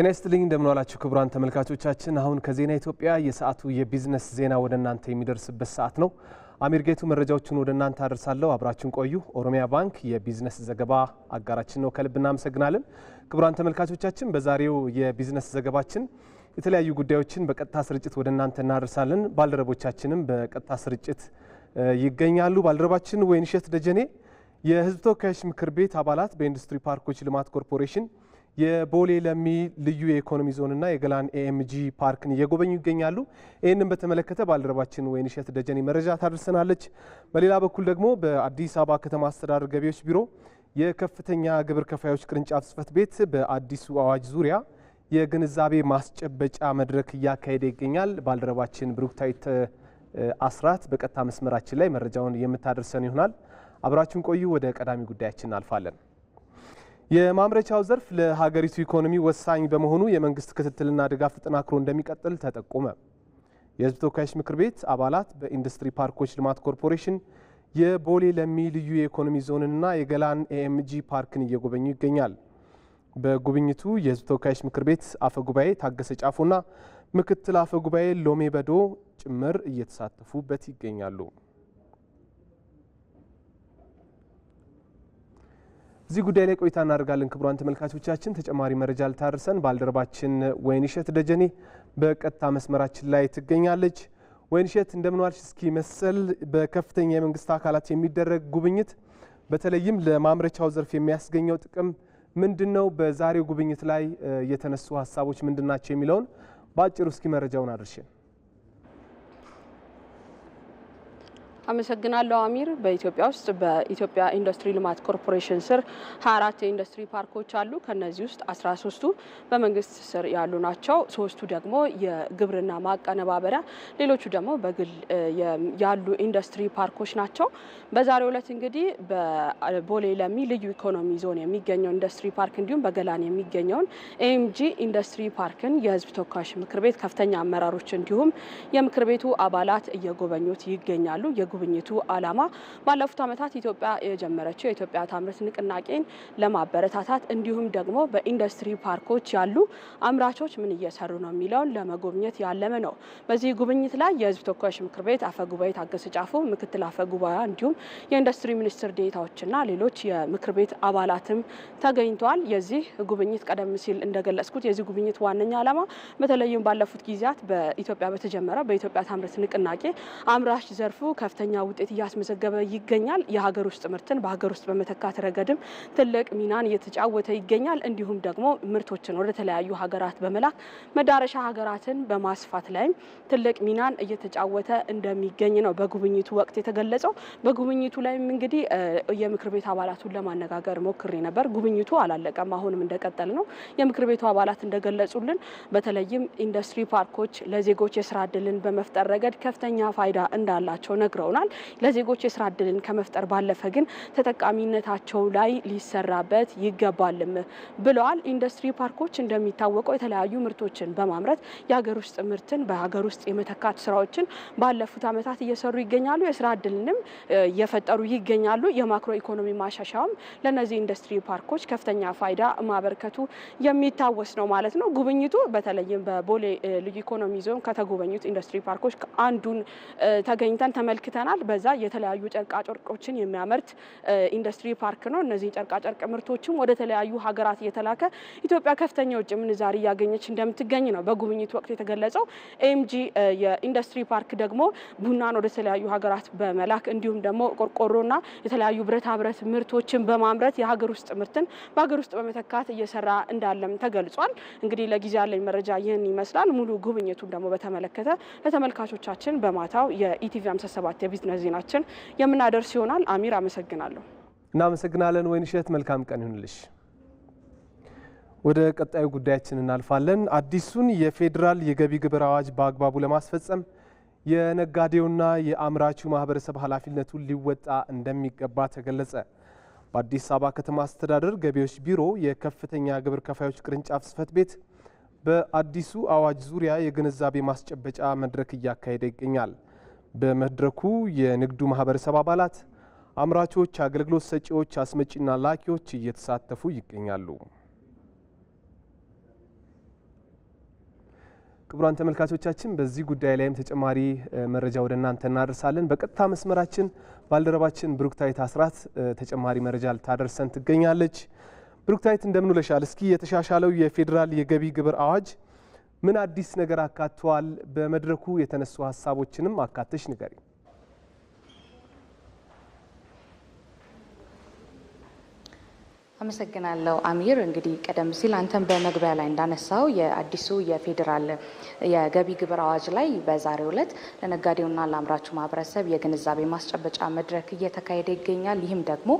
ጤና ይስጥልኝ እንደምን ዋላችሁ ክቡራን ተመልካቾቻችን። አሁን ከዜና ኢትዮጵያ የሰዓቱ የቢዝነስ ዜና ወደ እናንተ የሚደርስበት ሰዓት ነው። አሚር ጌቱ መረጃዎቹን ወደ እናንተ አደርሳለሁ። አብራችን ቆዩ። ኦሮሚያ ባንክ የቢዝነስ ዘገባ አጋራችን ነው። ከልብ እናመሰግናለን። ክቡራን ተመልካቾቻችን በዛሬው የቢዝነስ ዘገባችን የተለያዩ ጉዳዮችን በቀጥታ ስርጭት ወደ እናንተ እናደርሳለን። ባልደረቦቻችንም በቀጥታ ስርጭት ይገኛሉ። ባልደረባችን ወይንሸት ደጀኔ የህዝብ ተወካዮች ምክር ቤት አባላት በኢንዱስትሪ ፓርኮች ልማት ኮርፖሬሽን የቦሌ ለሚ ልዩ የኢኮኖሚ ዞንና የገላን ኤኤምጂ ፓርክን እየጎበኙ ይገኛሉ። ይህንን በተመለከተ ባልደረባችን ወይንሸት ደጀኔ መረጃ ታደርሰናለች። በሌላ በኩል ደግሞ በአዲስ አበባ ከተማ አስተዳደር ገቢዎች ቢሮ የከፍተኛ ግብር ከፋዮች ቅርንጫፍ ጽፈት ቤት በአዲሱ አዋጅ ዙሪያ የግንዛቤ ማስጨበጫ መድረክ እያካሄደ ይገኛል። ባልደረባችን ብሩክታዊት አስራት በቀጥታ መስመራችን ላይ መረጃውን የምታደርሰን ይሆናል። አብራችን ቆዩ። ወደ ቀዳሚ ጉዳያችን እናልፋለን። የማምረቻው ዘርፍ ለሀገሪቱ ኢኮኖሚ ወሳኝ በመሆኑ የመንግስት ክትትልና ድጋፍ ተጠናክሮ እንደሚቀጥል ተጠቆመ። የህዝብ ተወካዮች ምክር ቤት አባላት በኢንዱስትሪ ፓርኮች ልማት ኮርፖሬሽን የቦሌ ለሚ ልዩ የኢኮኖሚ ዞንንና የገላን ኤኤምጂ ፓርክን እየጎበኙ ይገኛል። በጉብኝቱ የህዝብ ተወካዮች ምክር ቤት አፈ ጉባኤ ታገሰ ጫፉና ምክትል አፈ ጉባኤ ሎሜ በዶ ጭምር እየተሳተፉበት ይገኛሉ። እዚህ ጉዳይ ላይ ቆይታ እናደርጋለን። ክቡራን ተመልካቾቻችን ተጨማሪ መረጃ ልታደርሰን ባልደረባችን ወይንሸት ደጀኔ በቀጥታ መስመራችን ላይ ትገኛለች። ወይንሸት እንደምንዋልሽ። እስኪ መሰል በከፍተኛ የመንግስት አካላት የሚደረግ ጉብኝት በተለይም ለማምረቻው ዘርፍ የሚያስገኘው ጥቅም ምንድን ነው? በዛሬው ጉብኝት ላይ የተነሱ ሀሳቦች ምንድን ናቸው? የሚለውን በአጭሩ እስኪ መረጃውን አድርሽን። አመሰግናለሁ አሚር። በኢትዮጵያ ውስጥ በኢትዮጵያ ኢንዱስትሪ ልማት ኮርፖሬሽን ስር 24 የኢንዱስትሪ ፓርኮች አሉ። ከነዚህ ውስጥ 13ቱ በመንግስት ስር ያሉ ናቸው። ሶስቱ ደግሞ የግብርና ማቀነባበሪያ፣ ሌሎቹ ደግሞ በግል ያሉ ኢንዱስትሪ ፓርኮች ናቸው። በዛሬው ዕለት እንግዲህ በቦሌ ለሚ ልዩ ኢኮኖሚ ዞን የሚገኘው ኢንዱስትሪ ፓርክ እንዲሁም በገላን የሚገኘውን ኤምጂ ኢንዱስትሪ ፓርክን የህዝብ ተወካዮች ምክር ቤት ከፍተኛ አመራሮች እንዲሁም የምክር ቤቱ አባላት እየጎበኙት ይገኛሉ። የጉብኝቱ ዓላማ ባለፉት ዓመታት ኢትዮጵያ የጀመረችው የኢትዮጵያ ታምርት ንቅናቄን ለማበረታታት እንዲሁም ደግሞ በኢንዱስትሪ ፓርኮች ያሉ አምራቾች ምን እየሰሩ ነው የሚለውን ለመጎብኘት ያለመ ነው። በዚህ ጉብኝት ላይ የሕዝብ ተወካዮች ምክር ቤት አፈ ጉባኤ ታገሰ ጫፉ፣ ምክትል አፈ ጉባኤ እንዲሁም የኢንዱስትሪ ሚኒስትር ዴታዎችና ሌሎች የምክር ቤት አባላትም ተገኝተዋል። የዚህ ጉብኝት ቀደም ሲል እንደገለጽኩት የዚህ ጉብኝት ዋነኛ ዓላማ በተለይም ባለፉት ጊዜያት በኢትዮጵያ በተጀመረው በኢትዮጵያ ታምርት ንቅናቄ አምራች ዘርፉ ከፍተኛ ከፍተኛ ውጤት እያስመዘገበ ይገኛል። የሀገር ውስጥ ምርትን በሀገር ውስጥ በመተካት ረገድም ትልቅ ሚናን እየተጫወተ ይገኛል። እንዲሁም ደግሞ ምርቶችን ወደ ተለያዩ ሀገራት በመላክ መዳረሻ ሀገራትን በማስፋት ላይም ትልቅ ሚናን እየተጫወተ እንደሚገኝ ነው በጉብኝቱ ወቅት የተገለጸው። በጉብኝቱ ላይም እንግዲህ የምክር ቤት አባላቱን ለማነጋገር ሞክሬ ነበር። ጉብኝቱ አላለቀም፣ አሁንም እንደቀጠል ነው። የምክር ቤቱ አባላት እንደገለጹልን በተለይም ኢንዱስትሪ ፓርኮች ለዜጎች የስራ እድልን በመፍጠር ረገድ ከፍተኛ ፋይዳ እንዳላቸው ነግረው ይሆናል። ለዜጎች የስራ እድልን ከመፍጠር ባለፈ ግን ተጠቃሚነታቸው ላይ ሊሰራበት ይገባልም ብለዋል። ኢንዱስትሪ ፓርኮች እንደሚታወቀው የተለያዩ ምርቶችን በማምረት የሀገር ውስጥ ምርትን በሀገር ውስጥ የመተካት ስራዎችን ባለፉት ዓመታት እየሰሩ ይገኛሉ። የስራ እድልንም እየፈጠሩ ይገኛሉ። የማክሮ ኢኮኖሚ ማሻሻያውም ለእነዚህ ኢንዱስትሪ ፓርኮች ከፍተኛ ፋይዳ ማበርከቱ የሚታወስ ነው ማለት ነው። ጉብኝቱ በተለይም በቦሌ ልዩ ኢኮኖሚ ዞን ከተጎበኙት ኢንዱስትሪ ፓርኮች አንዱን ተገኝተን ተመልክተናል። ሰርተናል። በዛ የተለያዩ ጨርቃ ጨርቆችን የሚያመርት ኢንዱስትሪ ፓርክ ነው። እነዚህ ጨርቃ ጨርቅ ምርቶችም ወደ ተለያዩ ሀገራት እየተላከ ኢትዮጵያ ከፍተኛ ውጭ ምንዛሪ እያገኘች እንደምትገኝ ነው በጉብኝት ወቅት የተገለጸው። ኤምጂ የኢንዱስትሪ ፓርክ ደግሞ ቡናን ወደ ተለያዩ ሀገራት በመላክ እንዲሁም ደግሞ ቆርቆሮና የተለያዩ ብረታ ብረት ምርቶችን በማምረት የሀገር ውስጥ ምርትን በሀገር ውስጥ በመተካት እየሰራ እንዳለም ተገልጿል። እንግዲህ ለጊዜ ያለኝ መረጃ ይህን ይመስላል። ሙሉ ጉብኝቱን ደግሞ በተመለከተ ለተመልካቾቻችን በማታው የኢቲቪ 57 የቢዝነስ ዜናችን የምናደርስ ይሆናል። አሚር አመሰግናለሁ። እናመሰግናለን ወይንሸት፣ መልካም ቀን ይሁንልሽ። ወደ ቀጣዩ ጉዳያችን እናልፋለን። አዲሱን የፌዴራል የገቢ ግብር አዋጅ በአግባቡ ለማስፈጸም የነጋዴውና የአምራቹ ማህበረሰብ ኃላፊነቱን ሊወጣ እንደሚገባ ተገለጸ። በአዲስ አበባ ከተማ አስተዳደር ገቢዎች ቢሮ የከፍተኛ ግብር ከፋዮች ቅርንጫፍ ጽህፈት ቤት በአዲሱ አዋጅ ዙሪያ የግንዛቤ ማስጨበጫ መድረክ እያካሄደ ይገኛል። በመድረኩ የንግዱ ማህበረሰብ አባላት፣ አምራቾች፣ አገልግሎት ሰጪዎች፣ አስመጪና ላኪዎች እየተሳተፉ ይገኛሉ። ክቡራን ተመልካቾቻችን በዚህ ጉዳይ ላይም ተጨማሪ መረጃ ወደ እናንተ እናደርሳለን። በቀጥታ መስመራችን ባልደረባችን ብሩክታይት አስራት ተጨማሪ መረጃ ልታደርሰን ትገኛለች። ብሩክታይት እንደምን ውለሻል? እስኪ የተሻሻለው የፌዴራል የገቢ ግብር አዋጅ ምን አዲስ ነገር አካተዋል? በመድረኩ የተነሱ ሀሳቦችንም አካተሽ ንገሪ። አመሰግናለሁ አሚር። እንግዲህ ቀደም ሲል አንተም በመግቢያ ላይ እንዳነሳው የአዲሱ የፌዴራል የገቢ ግብር አዋጅ ላይ በዛሬው ዕለት ለነጋዴውና ለአምራቹ ማህበረሰብ የግንዛቤ ማስጨበጫ መድረክ እየተካሄደ ይገኛል። ይህም ደግሞ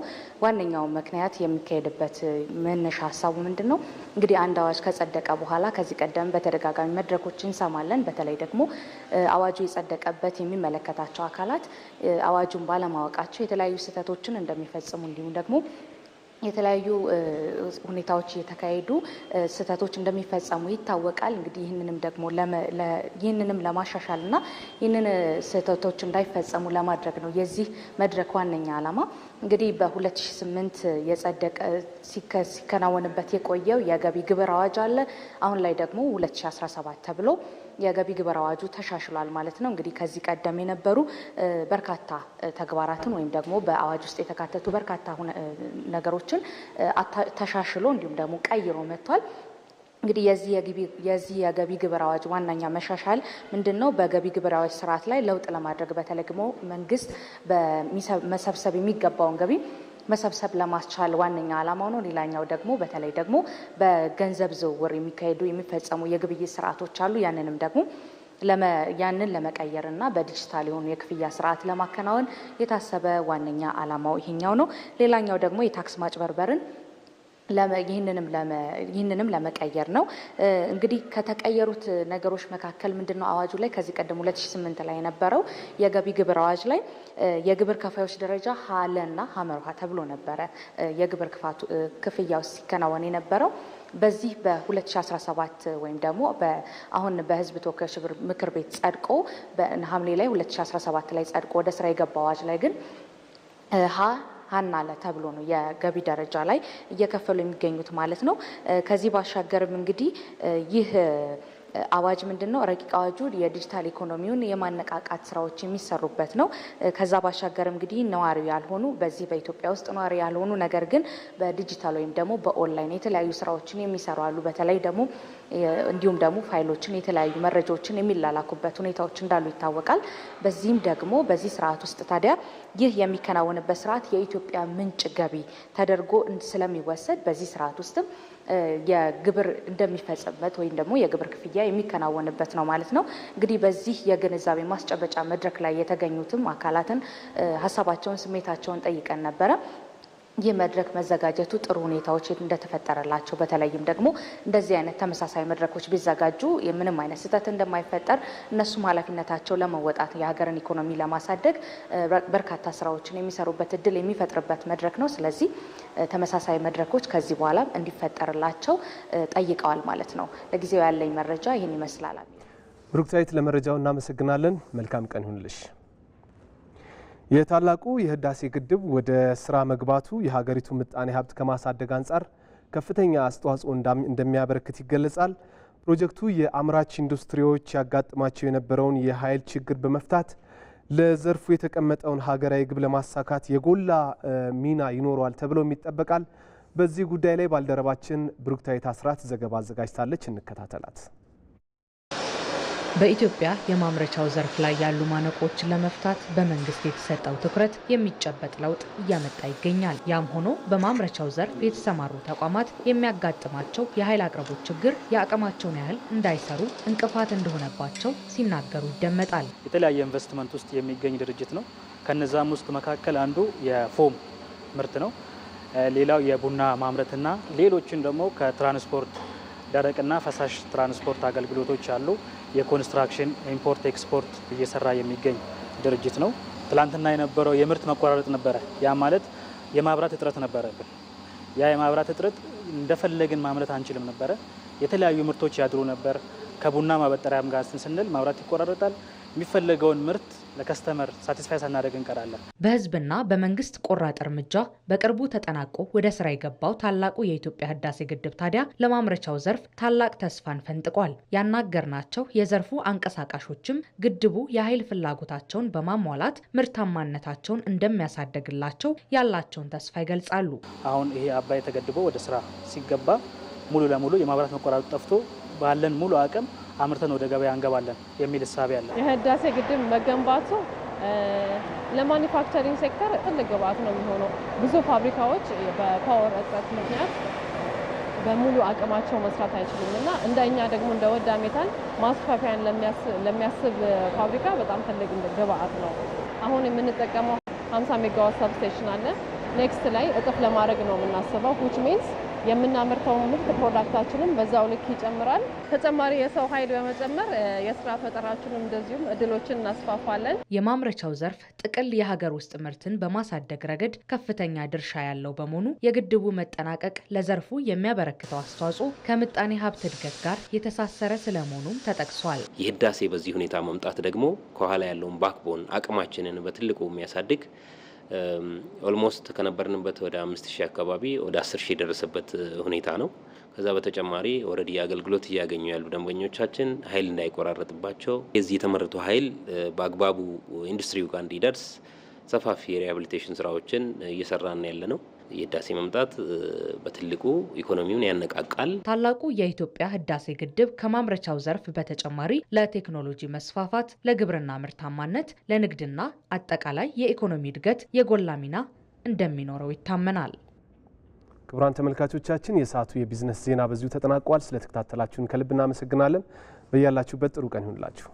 ዋነኛው ምክንያት የሚካሄድበት መነሻ ሀሳቡ ምንድን ነው? እንግዲህ አንድ አዋጅ ከጸደቀ በኋላ ከዚህ ቀደም በተደጋጋሚ መድረኮች እንሰማለን። በተለይ ደግሞ አዋጁ የጸደቀበት የሚመለከታቸው አካላት አዋጁን ባለማወቃቸው የተለያዩ ስህተቶችን እንደሚፈጽሙ እንዲሁም ደግሞ የተለያዩ ሁኔታዎች እየተካሄዱ ስህተቶች እንደሚፈጸሙ ይታወቃል። እንግዲህ ይህንንም ደግሞ ይህንንም ለማሻሻል እና ይህንን ስህተቶች እንዳይፈጸሙ ለማድረግ ነው የዚህ መድረክ ዋነኛ ዓላማ። እንግዲህ በ2008 የጸደቀ ሲከናወንበት የቆየው የገቢ ግብር አዋጅ አለ። አሁን ላይ ደግሞ 2017 ተብሎ የገቢ ግብር አዋጁ ተሻሽሏል ማለት ነው። እንግዲህ ከዚህ ቀደም የነበሩ በርካታ ተግባራትን ወይም ደግሞ በአዋጅ ውስጥ የተካተቱ በርካታ ነገሮችን ተሻሽሎ እንዲሁም ደግሞ ቀይሮ መጥቷል። እንግዲህ የዚህ የዚህ የገቢ ግብር አዋጅ ዋናኛ መሻሻል ምንድን ነው? በገቢ ግብር አዋጅ ስርዓት ላይ ለውጥ ለማድረግ በተለይ ደግሞ መንግስት መሰብሰብ የሚገባውን ገቢ መሰብሰብ ለማስቻል ዋነኛ ዓላማው ነው። ሌላኛው ደግሞ በተለይ ደግሞ በገንዘብ ዝውውር የሚካሄዱ የሚፈጸሙ የግብይት ስርዓቶች አሉ። ያንንም ደግሞ ያንን ለመቀየር እና በዲጂታል የሆኑ የክፍያ ስርዓት ለማከናወን የታሰበ ዋነኛ ዓላማው ይሄኛው ነው። ሌላኛው ደግሞ የታክስ ማጭበርበርን ይህንንም ለመቀየር ነው እንግዲህ ከተቀየሩት ነገሮች መካከል ምንድነው አዋጁ ላይ ከዚህ ቀደም 2008 ላይ የነበረው የገቢ ግብር አዋጅ ላይ የግብር ከፋዮች ደረጃ ሀለ እና ሀመርሃ ተብሎ ነበረ የግብር ክፍያው ሲከናወን የነበረው በዚህ በ2017 ወይም ደግሞ አሁን በህዝብ ተወካዮች ምክር ቤት ጸድቆ በሐምሌ ላይ 2017 ላይ ጸድቆ ወደ ስራ የገባ አዋጅ ላይ ግን ሀ ሀናለ ተብሎ ነው የገቢ ደረጃ ላይ እየከፈሉ የሚገኙት ማለት ነው። ከዚህ ባሻገርም እንግዲህ ይህ አዋጅ ምንድን ነው? ረቂቅ አዋጁ የዲጂታል ኢኮኖሚውን የማነቃቃት ስራዎች የሚሰሩበት ነው። ከዛ ባሻገር እንግዲህ ነዋሪ ያልሆኑ በዚህ በኢትዮጵያ ውስጥ ነዋሪ ያልሆኑ ነገር ግን በዲጂታል ወይም ደግሞ በኦንላይን የተለያዩ ስራዎችን የሚሰሩ አሉ። በተለይ ደግሞ እንዲሁም ደግሞ ፋይሎችን የተለያዩ መረጃዎችን የሚላላኩበት ሁኔታዎች እንዳሉ ይታወቃል። በዚህም ደግሞ በዚህ ስርዓት ውስጥ ታዲያ ይህ የሚከናወንበት ስርዓት የኢትዮጵያ ምንጭ ገቢ ተደርጎ ስለሚወሰድ በዚህ ስርዓት ውስጥም የግብር እንደሚፈጽምበት ወይም ደግሞ የግብር ክፍያ የሚከናወንበት ነው ማለት ነው። እንግዲህ በዚህ የግንዛቤ ማስጨበጫ መድረክ ላይ የተገኙትም አካላትን ሀሳባቸውን፣ ስሜታቸውን ጠይቀን ነበረ። ይህ መድረክ መዘጋጀቱ ጥሩ ሁኔታዎች እንደተፈጠረላቸው በተለይም ደግሞ እንደዚህ አይነት ተመሳሳይ መድረኮች ቢዘጋጁ ምንም አይነት ስህተት እንደማይፈጠር እነሱም ኃላፊነታቸው ለመወጣት የሀገርን ኢኮኖሚ ለማሳደግ በርካታ ስራዎችን የሚሰሩበት እድል የሚፈጥርበት መድረክ ነው። ስለዚህ ተመሳሳይ መድረኮች ከዚህ በኋላ እንዲፈጠርላቸው ጠይቀዋል ማለት ነው። ለጊዜው ያለኝ መረጃ ይህን ይመስላል። ብሩክታዊት፣ ለመረጃው እናመሰግናለን። መልካም ቀን ይሁንልሽ። የታላቁ የህዳሴ ግድብ ወደ ስራ መግባቱ የሀገሪቱ ምጣኔ ሀብት ከማሳደግ አንጻር ከፍተኛ አስተዋጽኦ እንደሚያበረክት ይገለጻል። ፕሮጀክቱ የአምራች ኢንዱስትሪዎች ያጋጥማቸው የነበረውን የኃይል ችግር በመፍታት ለዘርፉ የተቀመጠውን ሀገራዊ ግብ ለማሳካት የጎላ ሚና ይኖረዋል ተብሎም ይጠበቃል። በዚህ ጉዳይ ላይ ባልደረባችን ብሩክታዊት አስራት ዘገባ አዘጋጅታለች። እንከታተላት። በኢትዮጵያ የማምረቻው ዘርፍ ላይ ያሉ ማነቆችን ለመፍታት በመንግስት የተሰጠው ትኩረት የሚጨበጥ ለውጥ እያመጣ ይገኛል። ያም ሆኖ በማምረቻው ዘርፍ የተሰማሩ ተቋማት የሚያጋጥማቸው የኃይል አቅርቦት ችግር የአቅማቸውን ያህል እንዳይሰሩ እንቅፋት እንደሆነባቸው ሲናገሩ ይደመጣል። የተለያየ ኢንቨስትመንት ውስጥ የሚገኝ ድርጅት ነው። ከነዛም ውስጥ መካከል አንዱ የፎም ምርት ነው። ሌላው የቡና ማምረትና ሌሎችን ደግሞ ከትራንስፖርት ደረቅና ፈሳሽ ትራንስፖርት አገልግሎቶች አሉ። የኮንስትራክሽን ኢምፖርት ኤክስፖርት እየሰራ የሚገኝ ድርጅት ነው። ትላንትና የነበረው የምርት መቆራረጥ ነበረ። ያ ማለት የማብራት እጥረት ነበረብን። ያ የማብራት እጥረት እንደፈለግን ማምረት አንችልም ነበረ። የተለያዩ ምርቶች ያድሩ ነበር። ከቡና ማበጠሪያም ጋር ስንል ማብራት ይቆራረጣል። የሚፈለገውን ምርት ለከስተመር ሳቲስፋይ ሳናደርግ እንቀራለን። በህዝብና በመንግስት ቆራጥ እርምጃ በቅርቡ ተጠናቆ ወደ ስራ የገባው ታላቁ የኢትዮጵያ ህዳሴ ግድብ ታዲያ ለማምረቻው ዘርፍ ታላቅ ተስፋን ፈንጥቋል። ያናገርናቸው የዘርፉ አንቀሳቃሾችም ግድቡ የኃይል ፍላጎታቸውን በማሟላት ምርታማነታቸውን እንደሚያሳደግላቸው ያላቸውን ተስፋ ይገልጻሉ። አሁን ይሄ አባይ ተገድቦ ወደ ስራ ሲገባ ሙሉ ለሙሉ የማብራት መቆራረጥ ጠፍቶ ባለን ሙሉ አቅም አምርተን ወደ ገበያ እንገባለን የሚል እሳቤ አለ። የህዳሴ ግድብ መገንባቱ ለማኒፋክቸሪንግ ሴክተር ትልቅ ግብዓት ነው የሚሆነው። ብዙ ፋብሪካዎች በፓወር እጥረት ምክንያት በሙሉ አቅማቸው መስራት አይችሉም እና እንደኛ ደግሞ እንደ ወዳ ሜታል ማስፋፊያን ለሚያስብ ፋብሪካ በጣም ትልቅ ግብአት ነው። አሁን የምንጠቀመው 50 ሜጋዋት ሰብስቴሽን አለ። ኔክስት ላይ እጥፍ ለማድረግ ነው የምናስበው ሁች ሚንስ የምናመርተው ምርት ፕሮዳክታችንም በዛው ልክ ይጨምራል። ተጨማሪ የሰው ኃይል በመጨመር የስራ ፈጠራችንም እንደዚሁም እድሎችን እናስፋፋለን። የማምረቻው ዘርፍ ጥቅል የሀገር ውስጥ ምርትን በማሳደግ ረገድ ከፍተኛ ድርሻ ያለው በመሆኑ የግድቡ መጠናቀቅ ለዘርፉ የሚያበረክተው አስተዋጽኦ ከምጣኔ ሀብት እድገት ጋር የተሳሰረ ስለመሆኑም ተጠቅሷል። የህዳሴ በዚህ ሁኔታ መምጣት ደግሞ ከኋላ ያለውን ባክቦን አቅማችንን በትልቁ የሚያሳድግ ኦልሞስት ከነበርንበት ወደ አምስት ሺህ አካባቢ ወደ አስር ሺህ የደረሰበት ሁኔታ ነው። ከዛ በተጨማሪ ወረዲ አገልግሎት እያገኙ ያሉ ደንበኞቻችን ኃይል እንዳይቆራረጥባቸው የዚህ የተመረቱ ኃይል በአግባቡ ኢንዱስትሪው ጋር እንዲደርስ ሰፋፊ የሪሃብሊቴሽን ስራዎችን እየሰራን ያለ ነው። የህዳሴ መምጣት በትልቁ ኢኮኖሚውን ያነቃቃል። ታላቁ የኢትዮጵያ ህዳሴ ግድብ ከማምረቻው ዘርፍ በተጨማሪ ለቴክኖሎጂ መስፋፋት፣ ለግብርና ምርታማነት፣ ለንግድና አጠቃላይ የኢኮኖሚ እድገት የጎላ ሚና እንደሚኖረው ይታመናል። ክቡራን ተመልካቾቻችን የሰዓቱ የቢዝነስ ዜና በዚሁ ተጠናቋል። ስለተከታተላችሁን ከልብ እናመሰግናለን። በያላችሁበት ጥሩ ቀን ይሁንላችሁ።